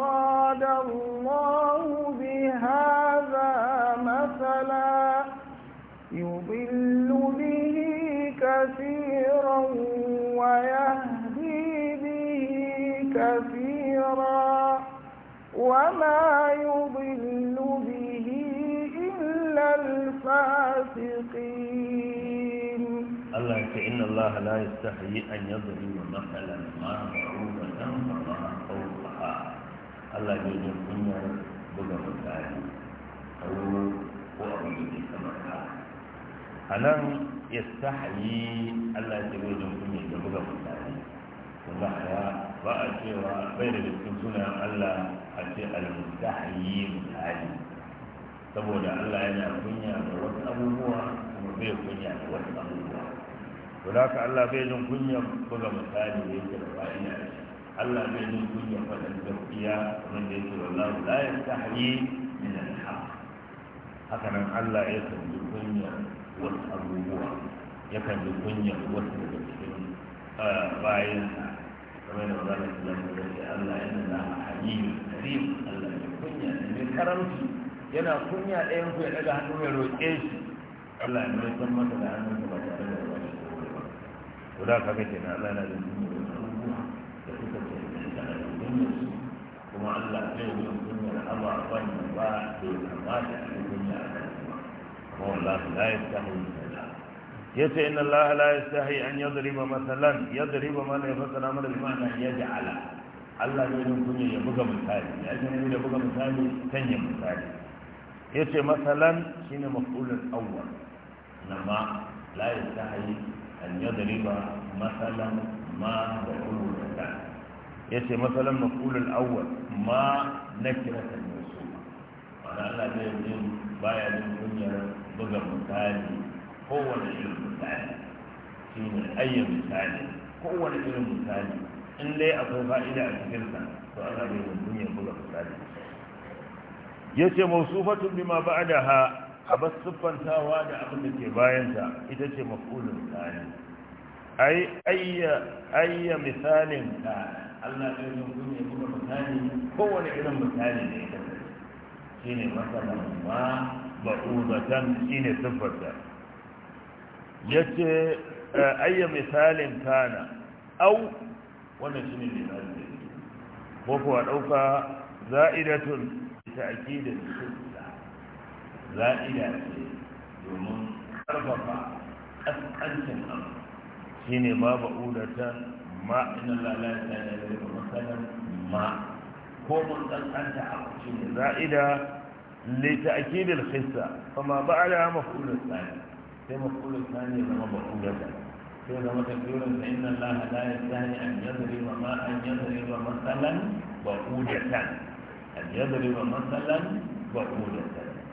ويهدي به كثيرا وما يضل به إلا الفاسقين الله فإن الله لا يستحي أن يضرب مثلا ما بعوضة وما فوقها الله يجب أن يبقى مثالي أو هو أريد كما كان yastahi Allah ya mu kunya da buga mutane kun ga haya ba a cewa bai da cikin sunan Allah a ce al-mustahi mutane saboda Allah yana kunya da wasu abubuwa kuma bai kunya da wasu abubuwa to da ka Allah bai jin kunya buga mutane da yake da fa'ida Allah bai jin kunya faɗin gaskiya kuma da yake wallahi la yastahi min al-haq haka nan Allah ya san kunya wasu abubuwa yakan ji kunya wasu daga cikin ah, bayansa kamar da magana su zama da shi Allah yana da hanyar karim Allah ya kunya da mai karamci yana kunya ɗayan ku ya ɗaga hannu ya roƙe shi Allah ya mai san masa da hannunsa ba tare da ba. ko da kaga na, Allah yana da kunya da abubuwa da suka ce da kunya su kuma Allah zai yi kunya da ababen da ba da kamata a kunya a kan والله لا يستحي yace inna allaha la yastahi an yadriba masalan yadriba ma la yafsara mana bi ma'ana yaj'ala Allah ne yin kunya ya buga misali ya ce ne da buga misali kan ya misali yace masalan shine maf'ulul awwal nama la yastahi an yadriba masalan ma da ulul yace masalan maf'ulul awwal ma nakiratan kunya buga misali kowane irin misali shi ne ayyan misali kowane irin misali in dai akwai fa'ida a cikinsa to ana yi wa duniya buga misali ya ce mausufatun bima ba'da ha abas siffantawa da abin da ke bayanta ita ce mafulun misali ai ayya misalin ka Allah ya yi mutum ya buga misali kowane irin misali ne ita shi ne masalan ma ba'uzatan shine siffarta yace eh, ayya misalin kana au wannan shine misalin ko kuwa dauka za'idatun ta'kidin siffa za'ida ce domin karfafa kaskancin abu shine ma ba'udatan ma inna la la ilaha illa huwa masalan ma ko mun kaskanta abu shine za'ida leta ake da alfisa kuma ba a da mafulun sani sai mafulun sani zama ba kuma da sai zama ta turin da inna Allah hada ya sani an yanzari ba ma an yanzari da an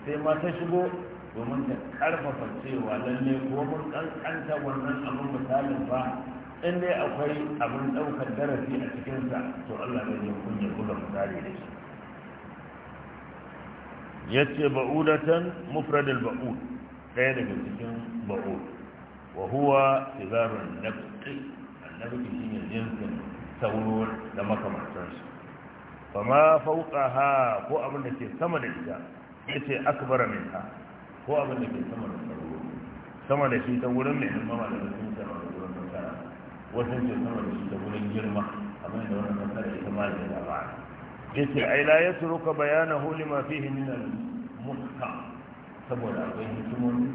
sai ma ta shigo domin ta karfafa cewa lalle ko mun kankanta wannan abin misalin ba in dai akwai abin daukar darasi a cikinsa to Allah zai yi kunya kula misali da shi ya ce ba'udatan mufradil ba'ud ɗaya daga cikin ba'ud wa huwa sigarun nabti annabi shi ne jinsin sauro da makamantarsu fa ma fauka ha ko abin da ke sama da ita ya ce akbara min ha ko abin da ke sama da sauro sama da shi ta wurin mai himma da sun wurin da wurin masara wasu ce sama da shi ta wurin girma abin da wani masara ta ma da Yake ai la yasruka bayanahu lima fihi min al muhkam saboda akwai hikimomi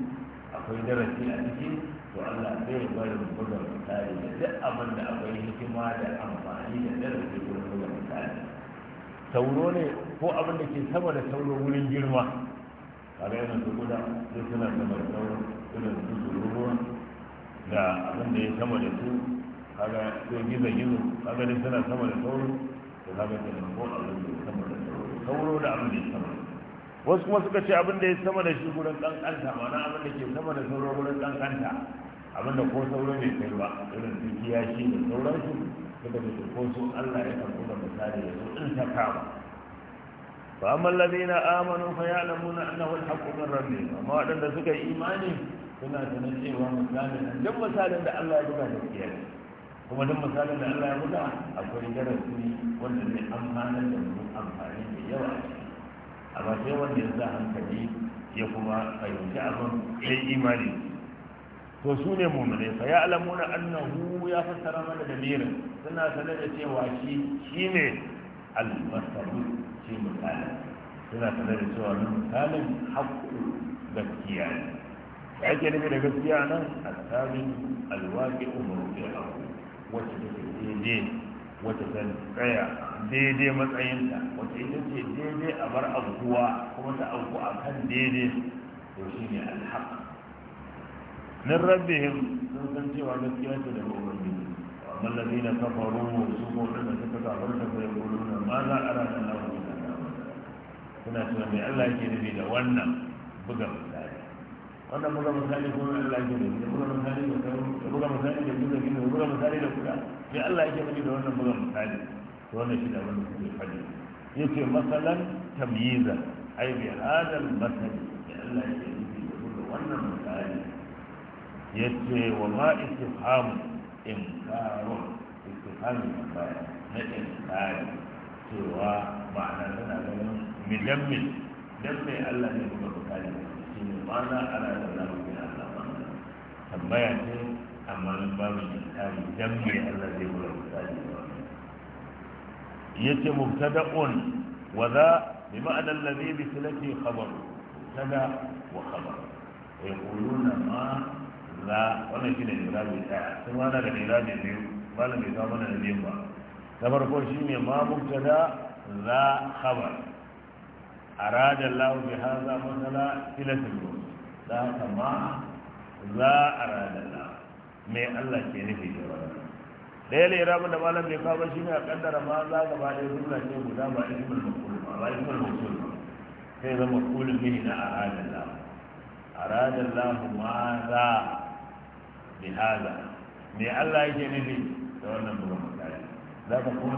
akwai darasi a ciki to Allah zai bari mu buga misali da duk abin da akwai hikima da amfani da darasi wurin buga misali sauro ne ko abin da ke sama da sauro wurin girma A yana su guda sai suna sama da sauro irin su zururuwa da abin da ya sama da su kaga sai gizo gizo kaga dai suna sama da sauro to kaga kenan ko abin da ya sama da sauro da abin da ya sama wasu kuma suka ce abin da ya sama da shi gurin kankanta mana abin da ke sama da sauro gurin kankanta abin da ko sauro bai kai ba irin su shi da sauransu suka ce ko su Allah ya karɓi da misali ya zo in ta kama فأما الذين آمنوا فيعلمون أنه الحق من ربهم وما أدن ذلك إيمانهم suna sanar cewa misalin nan duk misalin da Allah ya buga gaskiya ne kuma duk misalin da Allah ya buga akwai darasi wanda zai amfanar da mu amfani da yawa amma sai wanda ya sa hankali ya kuma fahimci abin sai imani to su ne mumune fa ya alamuna annahu ya fassara mana da mirin suna sanar da cewa shi shi ne almasaru shi misalin suna sanar da cewa misalin haƙƙo gaskiya ne ake nufi da gaskiya nan a tsarin alwaƙi umaru da hau wacce take daidai wacce ta tsaya daidai matsayinta wacce ita ce daidai a bar aukuwa kuma ta auku a kan daidai to shi ne alhaq min rabbihim sun san cewa gaskiya ce daga ubangiji amma ladina kafaru su ko da suka kafarta sai kuluna ma za a rana lahu suna cewa mai Allah yake nufi da wannan bugan wanda buga misali ko Allah yake da buga misali da buga misali da buga gina buga misali da kuda sai Allah yake nufi da wannan buga misali to wannan shi da wannan kuke fadi yace masalan tamyiza ai bi hada al-masal ya Allah yake nufi da buga wannan misali yace wa ma istifham inkaru istifham inkaru na inkaru cewa ma'ana tana ganin mijammil dan mai Allah ne buga misali Mana za a ana da zama bi Allah tambaya ce amma nan ba mu tsari dan me Allah zai mura tsari ba yace mubtada'un wa za bi ma'ana allazi bi silati khabar tada wa khabar yaquluna ma za wannan shine irabi ta sai wannan da irabi ne ba la mai zama da ne ba na farko shine ma mubtada za khabar أراد الله بهذا مثلا إلى سبيل ذاك ما ذا أراد الله mai Allah ke nufi da wannan ɗaya ne rabu da malam bai kawo shi ne a kaddara ma za ka ba da jumla ce guda ba ismul maqul ba ba ismul maqul ba sai zama kulun bihi na arada Allah arada ma za bi me Allah yake nufi da wannan za ka kuma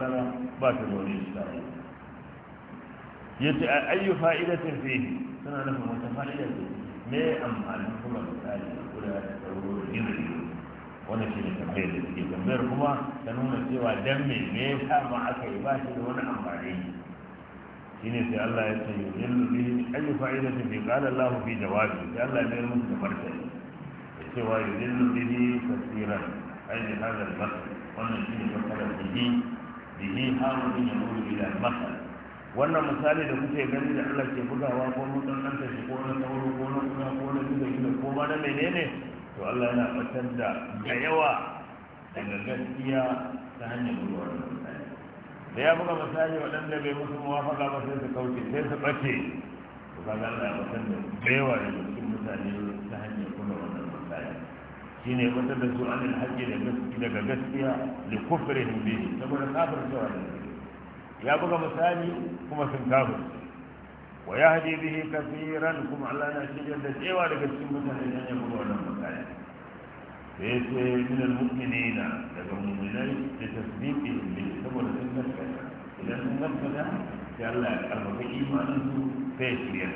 da يتأي فائدة فيه سنة لهم متفائدة ما أمعن كل مثال كل أول جمل وانا شيء تفائدة في جمبر هو سنون سوى دمي ما يسمع كيفاش وانا أمعني شيء في الله يسيل به أي فائدة فيه قال الله في جوابه في الله يسيل من تفرجه سوى يذل به كثيرا أي هذا البصر وانا شيء تفائدة به به هارو بن يقول إلى البصر wannan misali da kuke gani da Allah ke bugawa ko mutum ɗan tashi ko na sauro ko na kuma ko na gizo gida ko ba na menene to Allah yana ɓatar da da yawa daga gaskiya ta hanyar buga wannan misali da ya buga misali waɗanda bai musu muwafaka ba sai su kauce sai su ɓace to kaga Allah ya ɓatar da da yawa daga cikin mutane ta hanyar buga wannan misali shine ɓatar da su an alhaji daga gaskiya da kufrin bihi saboda kafircewa da ya buga misali kuma sun kafin wa ya haɗe bihi kafiran kuma Allah na shigar da cewa daga cikin mutane don ya buga wannan misali Sai ya ce min al-mu'minina daga mu'minai da tasbiqi bi saboda sun gaskata idan sun gaskata sai Allah ya karfafa imanin su sai ya shirya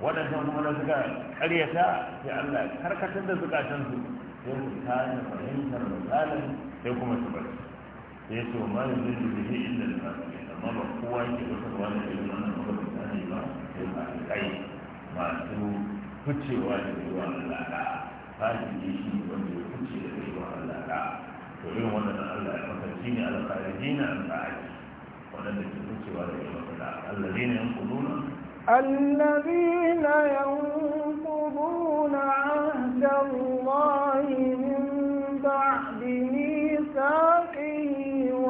waɗannan kuma da suka karyata sai Allah ya karkatar da zukatansu sai su kare fahimtar misalin sai kuma su bari sai ce wa ma yanzu da bihi illa al-fasik amma ba kowa yake ɗaukarwa da irin wannan mabarata ne ba sai masu kai masu ficewa da yiwa Allah da fasiki shi wanda ya fice da yiwa Allah da to irin wannan Allah ya maka shi ne alƙarijina an ba'aji wadanda ke ficewa da yiwa Allah Allah ne yan kuduna الذين ينقضون عهد الله من بعد ميثاقه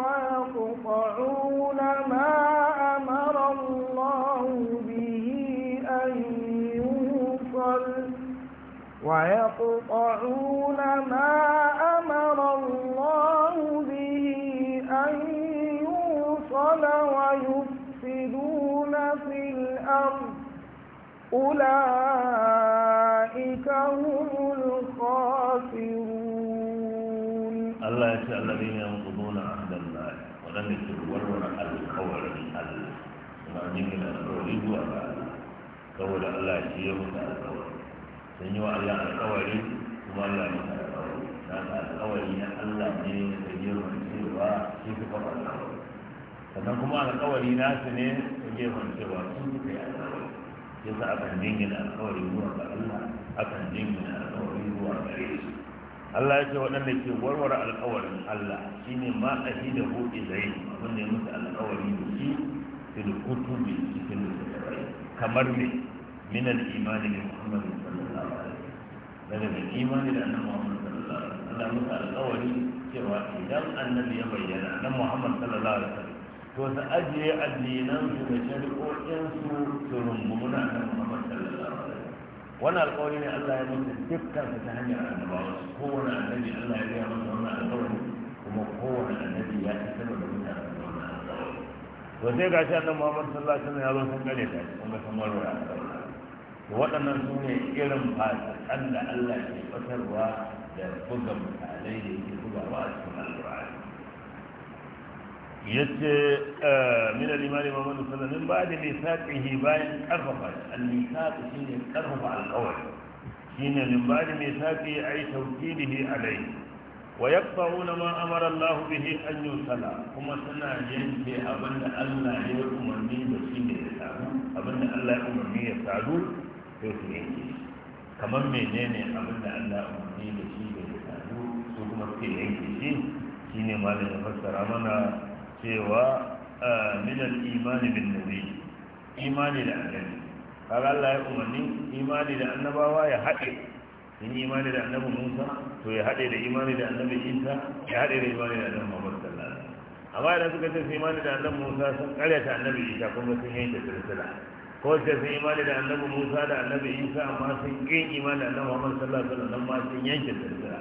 ويقطعون ما أمر الله به أن يوصل ويقطعون ما أمر الله به أن يوصل ويفسدون في الأرض أولئك هم الخاسرون الله يسأل الذين ينقضون عهد الله ولم يتبرر amfani da alkawari zuwa ga Allah saboda Allah shi ya musu alkawari sun yi wa Allah alkawari kuma Allah ne alkawari na ka alkawari na Allah ne da girman cewa shi su kafa alkawari sannan kuma alkawari nasu ne da girman cewa su suka yi alkawari yasa akan jingina alkawari zuwa ga Allah akan jingina alkawari zuwa ga shi Allah ya ce waɗanda ke warware alkawarin Allah shine ma shi da buɗe zai abin da ya musu alkawari da shi fil kutubi cikin littattafai kamar ne min sallallahu alaihi wasallam daga imani da annabi cewa idan annabi ya bayyana annabi muhammad sallallahu alaihi wasallam to su ajiye addinan su da shari'o'in su su rungumi na annabi muhammad sallallahu alaihi wasallam wannan alƙawari ne Allah ya musu dukkan ta hanyar annabawa kowane annabi Allah ya gaya masa wannan alƙawari kuma kowane annabi ya isar وزيغه سيدنا محمد صلى الله عليه وسلم يقول لك ان تكون وطن سوني يرم هذا ان الله يفتر و يقدم عليه الخبراء من الامام محمد صلى الله عليه وسلم بعد ميثاقه باين كرفف الميثاق حين كرفف على القول حين من بعد ميثاقه اي توكيده عليه wa yaqta'una ma amara Allah bihi an yusala kuma suna yanke abinda Allah ya umarni da shi ne ya samu abinda Allah ya umarni ya samu sai ne yanke kamar menene abinda Allah ya umarni da shi ne ya samu su kuma suke yanke shi shine malam ya fassara mana cewa ah, min al imani bin nabi imani da annabi kaga Allah ya umarni imani da annabawa ya haɗe in imani da annabi Musa to ya haɗe da imani da annabi isa ya haɗe da imani da annabi muhammad sallallahu alaihi wasallam amma idan suka ce su imani da annabi musa sun karyata annabi isa kuma sun yanke sirsila ko ce sun imani da annabi musa da annabi isa amma sun ƙin imani da annabi muhammad sallallahu alaihi wasallam amma sun yanke sirsila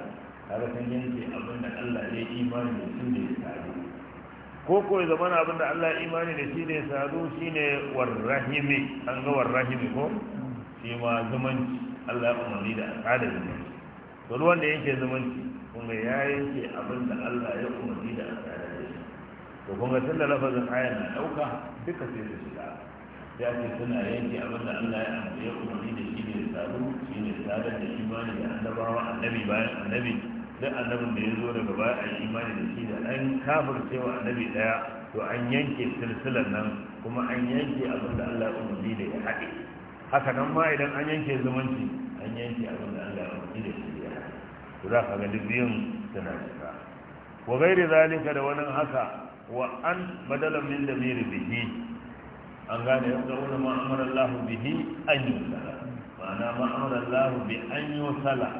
kaga sun yanke abin da allah ya yi imani da sun ne ya ko ko ya zama abin da allah ya imani da shi ne ya sadu shine warrahimi an ga warrahimi ko shi ma zumunci allah ya umarni da al'adar zumunci to ruwan da yake zumunci kuma ya yanke abin da Allah ya umarni da alƙada da shi to kuma tun da lafazin ayan na ɗauka duka sai su shiga ya ce suna yanke abin da Allah ya umarni da shi ne sabu shi ne sadar da imani da annabawa annabi bayan annabi duk annabin da ya zo daga baya a imani da shi da an kafir cewa annabi daya to an yanke silsilar nan kuma an yanke abin da Allah ya umarni da ya haɗe haka nan ma idan an yanke zumunci an yanke abin da Allah ya umarni da shi to za ka ga duk biyun suna shiga wa gairi zalika da wani haka wa an badalan min da miri bihi an gane yadda wani ma'amar Allah bihi an yi sala ma'ana ma'amar Allah bi an yi sala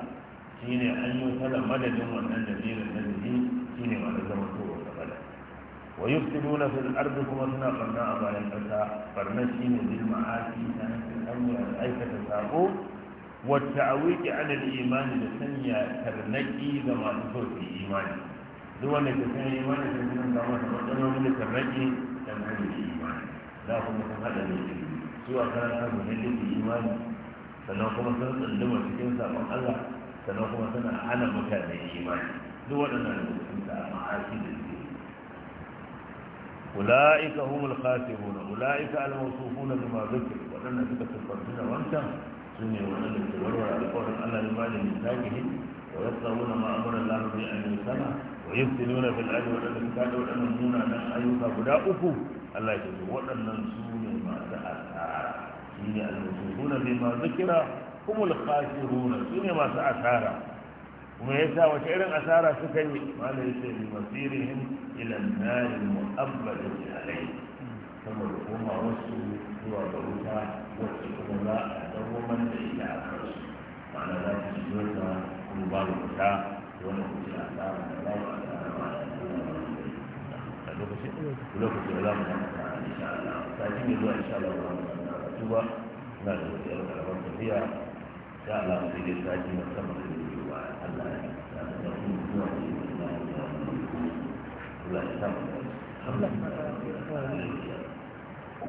shine an yi sala madadin wannan da miri na bihi shine ne da zama to wa yi su nuna fil ardi kuma suna farna a bayan kasa shi shine bil ta hanyar aikata sabo wata awiki alal imani da sanya tarnaki ga masu sauki imani duk wanda ke sanya imani da sun samu da matsalolin da tarnaki da mai imani za kuma sun haɗa ne su a kan samu ne da imani sannan kuma sun tsalluma cikin sabon allah sannan kuma suna hana mutane imani duk waɗannan da sun a aiki da su أولئك هم الخاسرون أولئك الموصوفون بما ذكر وأن ذكر الفرسين وأنتم sune wadanda ke warware alƙawarin Allah ya bada ne ta gini wa ya tsawo na ma'amuran larabi a ne sana wa ya fi nuna fil aji waɗanda su kada waɗannan munanan ayyuka guda uku Allah ya ce waɗannan su masu asara shi ne almasu huna bai masu kira kuma lukashi huna su ne masu asara kuma ya sa wace irin asara suka yi Malami ya ce bi masiri hin ilan nari mu'abbalin jihalai kamar kuma wasu zuwa ga wuta wacce kuma za a samar da ita a kansu ma'ana za ta ci yota kuma babu fita wani kuce a tsara da babu a tsara ba da da ba da da da kuma zuwa ne da da da